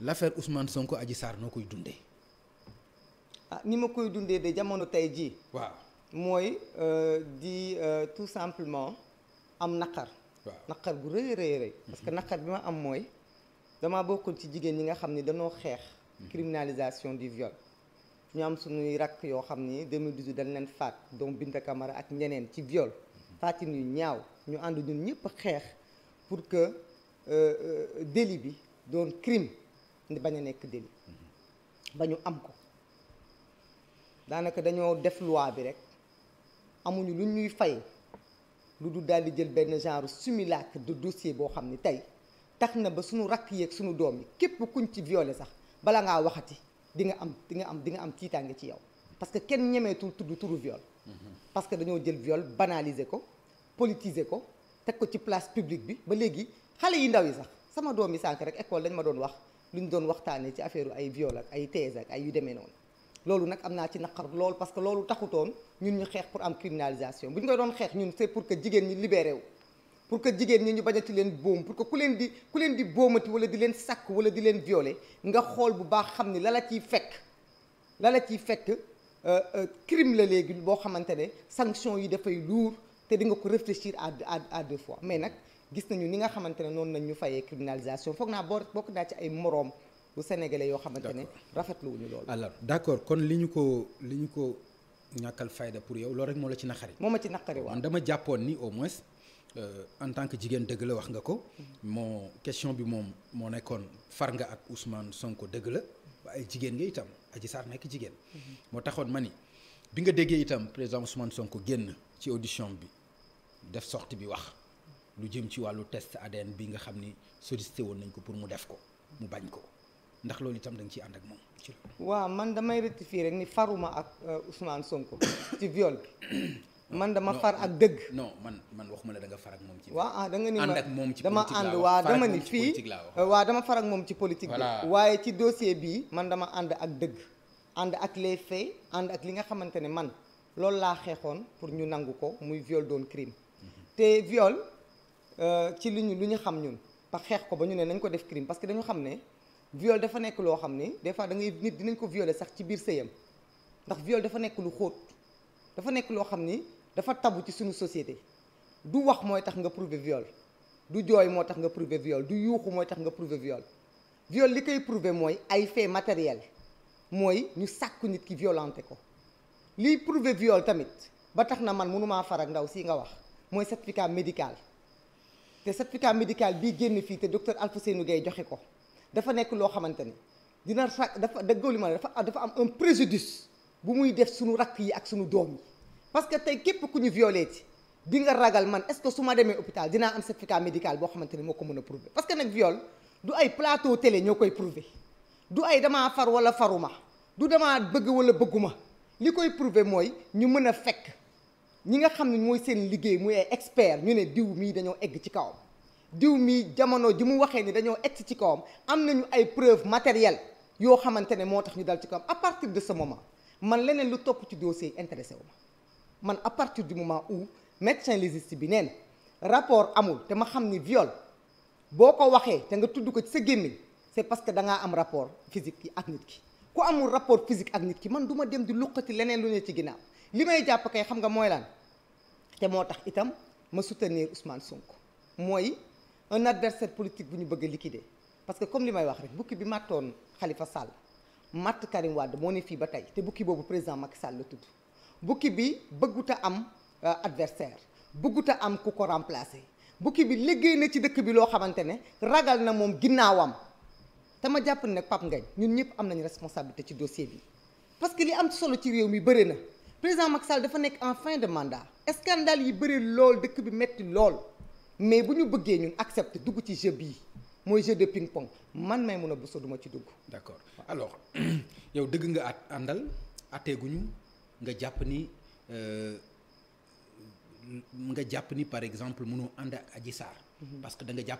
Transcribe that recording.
l'affaire Ousmane Sonko aji saar noo koy dundee. ah ni ma koy dundee de jamono tey jii. waaw mooy euh, di euh, tout simplement am naqar. waaw naqar bu rëy rëy rëy. Mhm. parce que naqar bi ma am mooy damaa bokkoon ci jigéen ñi nga xam ni danoo xeex. Mhm. criminalisation du viol. ñu am suñuy rakk yoo xam ni 2018 dañ leen faat donc Binta Camara ak ñeneen ci viol. Mhm. faatin yu ñaaw ñu ànd ñun ñëpp xeex pour que euh, déli bi doon crime. bañ a nekk délit ba ñu am ko daanaka dañoo def loi bi rek amuñu lu ñuy fay lu du daal di jël benn genre simulacre de dossier boo xam ni tey tax na ba suñu rakk yéeg suñu doom yi képp kuñ ci violé sax bala ngaa waxati di nga am di nga am di nga am tiitaange ci yow parce que kenn ñemeetul tudd turu viol parce que dañoo jël viol banaliser ko politiser ko teg ko ci place publique bi ba léegi xale yi ndaw yi sax sama doom yi sànk rek école dañ ma doon wax lu ñu doon waxtaanee ci affaire ay viol ak ay thèse ak ay yu demee noonu loolu nag am naa ci naqar lool parce que loolu taxutoon ñun ñu xeex pour am criminalisation bu ñu nga doon xeex ñun c'est pour que jigéen ñi libéré pour que jigéen ñi ñu bañati leen boom pour que ku leen di ku leen di boomati wala di leen sàkk wala di leen violé nga xool bu baax xam ni la la ciy fekk la la ciy fekk euh, euh, crime la léegi boo xamante ne sanction yi dafay lourd te di nga ko réfléchir à à à deux nag gis nañu ni nga xamante ne noonu nañ ñu fayee criminalisation foog naa boo bokk naa ci ay moroom bu sénégalais yoo xamante ne rafetlu wuñu loolu alors d'accord kon li ñu ko li ñu ko ñàkkal fayda pour yow loolu rek moo la ci naqari moo ma ci naqari waaw dama jàppoon ni au moins euh, en tant que jigéen dëgg la wax nga ko mm-hmm. moo question bi moom moo nekkoon far nga ak Ousmane Sonko dëgg la waaye jigéen nga itam Adji Sarr nekk jigéen mm-hmm. moo taxoon ma ni bi nga déggee itam président Ousmane Sonko génn ci audition bi def sortie bi wax lu jëm ci wàllu test ADN bi nga xam ni sollicité woon nañ ko pour mu def ko mu bañ ko ndax loolu itam da nga ànd ak moom. waa man damay rectifier rek ni faruma ak euh, Ousmane sonk ci viol man dama far ak dëgg. non man man waxuma la da nga far moom ci. waaw ah, da nga ni ma dama ànd waa dama ni fii euh, dama far ak moom ci politique bi. waaye ci dossier bii man dama ànd ak dëgg. ànd ak les faits ànd ak li nga xamante ne man loolu laa xeexoon pour ñu nangu ko muy viol doon crime mm-hmm. te viol. Euh, ci li ñu lu ñu xam ñun ba xeex ko ba ñu ne nañ ko def crime parce que dañu xam ne viol dafa nekk loo xam ni des fois da ngay nit dinañ ko violer sax ci biir sa sëyam ndax viol dafa nekk lu xóot dafa nekk loo xam ni dafa tabu ci suñu société du wax mooy tax nga prouver viole du jooy moo tax nga prouver viole du yuuxu mooy tax nga prouver viol viol li koy prouver mooy ay fait matériel mooy ñu sàkku nit ki violenté ko liy prouver viol tamit ba tax na man mënumaa far ndaw si nga wax mooy certificat médical te certificat médical bii génn fii te docteur Alfousseynou Gaye joxe ko dafa nekk loo xamante ni dina rak dafa dëggoo li ma dafa dafa am un préjudice bu muy def suñu rakk yi ak suñu doom yi parce que tey képp ku ñu violé ci di nga ragal man est-ce que su ma demee hôpital dinaa am certificat médical boo xamante ni moo ko mën a prouver parce que nag viol du ay plateau télé ñoo koy prouver du ay damaa far wala faruma du damaa bëgg wala bëgguma li koy prouver mooy ñu mën a fekk ñi nga xam ne mooy seen liggéey muy ay expert ñu ne diw mii dañoo egg ci kawam diw mii jamono ji mu waxee ni dañoo egg ci kawam am nañu ay preuve matérielle yoo xamante ne moo tax ñu dal ci kawam à partir de ce moment man leneen lu topp ci dossier yi intéressé wu ma man à partir du moment où médecin légiste bi nee na rapport amul te ma xam ni viol boo ko waxee te nga tudd ko ci sa gémmiñ c'est parce que da ngaa am rapport physique yi ak nit ki ku amul rapport physique ak nit ki man du ma dem di luqati leneen ci ginnaaw li may jàpp kay xam nga mooy lan te moo tax itam ma soutenir Ousmane Sonko mooy un adversaire politique bu ñu bëgg a liquider parce que comme li may wax rek bukki bi màttoon Khalifa Sall matt Karim Wade moo ne fii ba tey te bukki boobu président Macky Sall la tudd bukki bi bëggut a am euh, adversaire bëggut a am ku ko remplacer bukki bi liggéey na ci dëkk bi loo xamante ne ragal na moom ginnaawam te ma jàpp ne nag Pape ñun ñëpp am nañu responsabilité ci dossier bi parce que li am solo ci réew mi bëri na. président Macky Sall dafa nekk en fin de mandat scandale yi bëri lool dëkk bi metti lool mais bu ñu bëggee ñun accepter dugg ci jeu yi mooy jeu de ping pong man may mun a bësa duma ci dugg d'accord alors yow dëgg nga at àndal ñu nga jàpp ni euh, nga jàpp ni par exemple mënoo ànd ak Adji Sarr mhm. parce que da nga jàpp